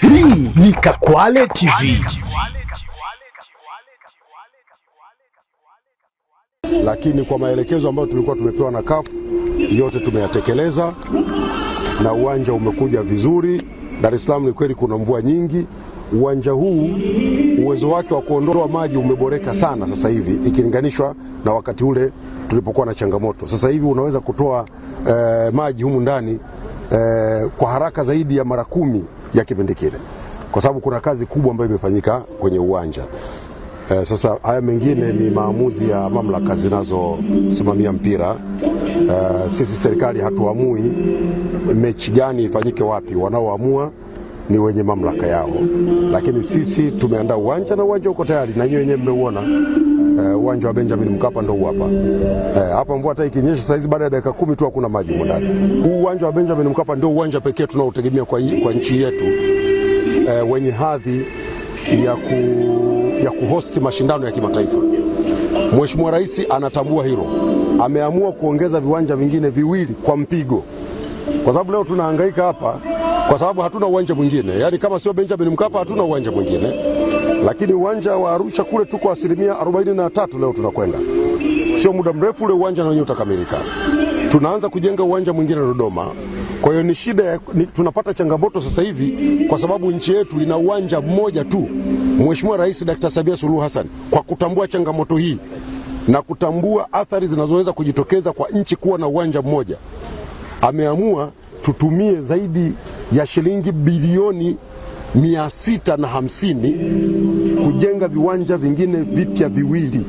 Hii ni Kakwale TV. Lakini kwa maelekezo ambayo tulikuwa tumepewa na CAF yote tumeyatekeleza na uwanja umekuja vizuri. Dar es Salaam ni kweli kuna mvua nyingi. Uwanja huu uwezo wake wa kuondoa maji umeboreka sana sasa hivi ikilinganishwa na wakati ule tulipokuwa na changamoto. Sasa hivi unaweza kutoa eh, maji humu ndani eh, kwa haraka zaidi ya mara kumi ya kipindi kile, kwa sababu kuna kazi kubwa ambayo imefanyika kwenye uwanja. Eh, sasa haya mengine ni maamuzi ya mamlaka zinazosimamia mpira. Eh, sisi serikali hatuamui mechi gani ifanyike wapi, wanaoamua ni wenye mamlaka yao, lakini sisi tumeandaa uwanja na uwanja uko tayari na nyinyi wenyewe mmeuona. Eh, uwanja wa Benjamin Mkapa ndio hapa eh, hapa. Mvua hata ikinyesha saizi baada ya dakika kumi tu hakuna maji ndani. Huu uwanja wa Benjamin Mkapa ndio uwanja pekee tunaotegemea kwa, kwa nchi yetu eh, wenye hadhi ya, ku, ya kuhosti mashindano ya kimataifa. Mheshimiwa Rais anatambua hilo, ameamua kuongeza viwanja vingine viwili kwa mpigo, kwa sababu leo tunahangaika hapa kwa sababu hatuna uwanja mwingine, yaani kama sio Benjamin Mkapa hatuna uwanja mwingine lakini uwanja wa Arusha kule tuko asilimia 43 leo tunakwenda, sio muda mrefu ule uwanja na wenyewe utakamilika. Tunaanza kujenga uwanja mwingine Dodoma. Kwa hiyo ni shida, ni tunapata changamoto sasa hivi kwa sababu nchi yetu ina uwanja mmoja tu. Mheshimiwa Rais Dr. Samia Suluhu Hassan kwa kutambua changamoto hii na kutambua athari zinazoweza kujitokeza kwa nchi kuwa na uwanja mmoja, ameamua tutumie zaidi ya shilingi bilioni mia sita na hamsini kujenga viwanja vingine vipya viwili,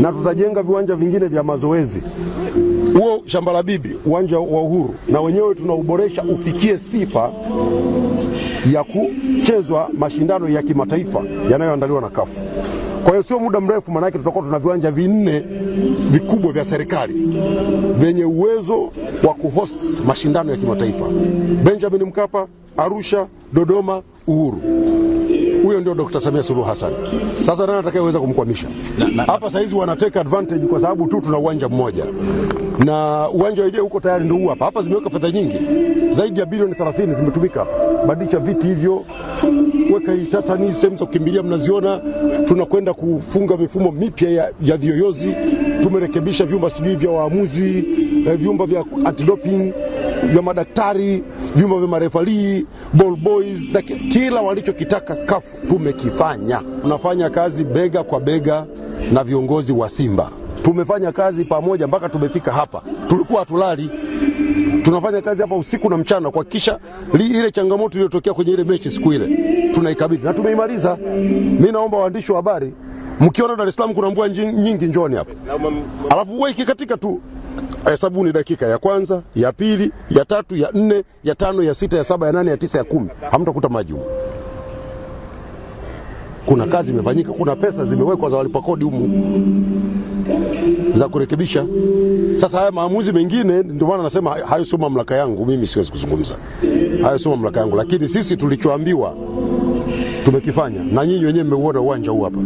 na tutajenga viwanja vingine vya mazoezi. Huo shamba la bibi, uwanja wa Uhuru, na wenyewe tunauboresha ufikie sifa ya kuchezwa mashindano ya kimataifa yanayoandaliwa na kafu kwa hiyo sio muda mrefu, maanake tutakuwa tuna viwanja vinne vikubwa vya serikali vyenye uwezo wa kuhost mashindano ya kimataifa Benjamin Mkapa Arusha, Dodoma, Uhuru. Huyo ndio Dr. Samia Suluhu Hassan. Sasa nani atakayeweza kumkwamisha hapa? Saizi wanateka advantage kwa sababu tu tuna uwanja mmoja na uwanja wenyewe huko tayari ndio hapa hapa. Zimeweka fedha nyingi zaidi ya bilioni 30 zimetumika badilisha viti hivyo, weka hii tatani, sehemu za kukimbilia mnaziona. Tunakwenda kufunga mifumo mipya ya, ya viyoyozi. Tumerekebisha vyumba sijui vya waamuzi, eh, vyumba vya antidoping vya madaktari, vyumba vya marefali ball boys na kila walichokitaka kafu tumekifanya. Tunafanya kazi bega kwa bega na viongozi wa Simba, tumefanya kazi pamoja mpaka tumefika hapa. Tulikuwa hatulali, tunafanya kazi hapa usiku na mchana kuhakikisha ile changamoto iliyotokea kwenye ile mechi siku ile tunaikabidhi na tumeimaliza. Mi naomba waandishi wa habari, mkiona Dar es Salaam kuna mvua nyingi, njoni hapa, alafu wewe ikikatika tu hesabu eh, ni dakika ya kwanza, ya pili, ya tatu, ya nne, ya tano, ya sita, ya saba, ya nane, ya tisa, ya kumi, hamtakuta maji humu. Kuna kazi imefanyika, kuna pesa zimewekwa za walipa kodi humu za kurekebisha. Sasa haya maamuzi mengine, ndio maana nasema hayo sio mamlaka yangu, mimi siwezi kuzungumza hayo, sio mamlaka yangu, lakini sisi tulichoambiwa tumekifanya, na nyinyi wenyewe mmeuona uwanja huu hapa.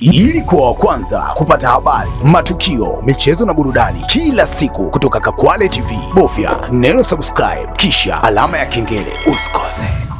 Ili kuwa wa kwanza kupata habari, matukio, michezo na burudani kila siku kutoka Kakwale TV, bofya neno subscribe kisha alama ya kengele usikose.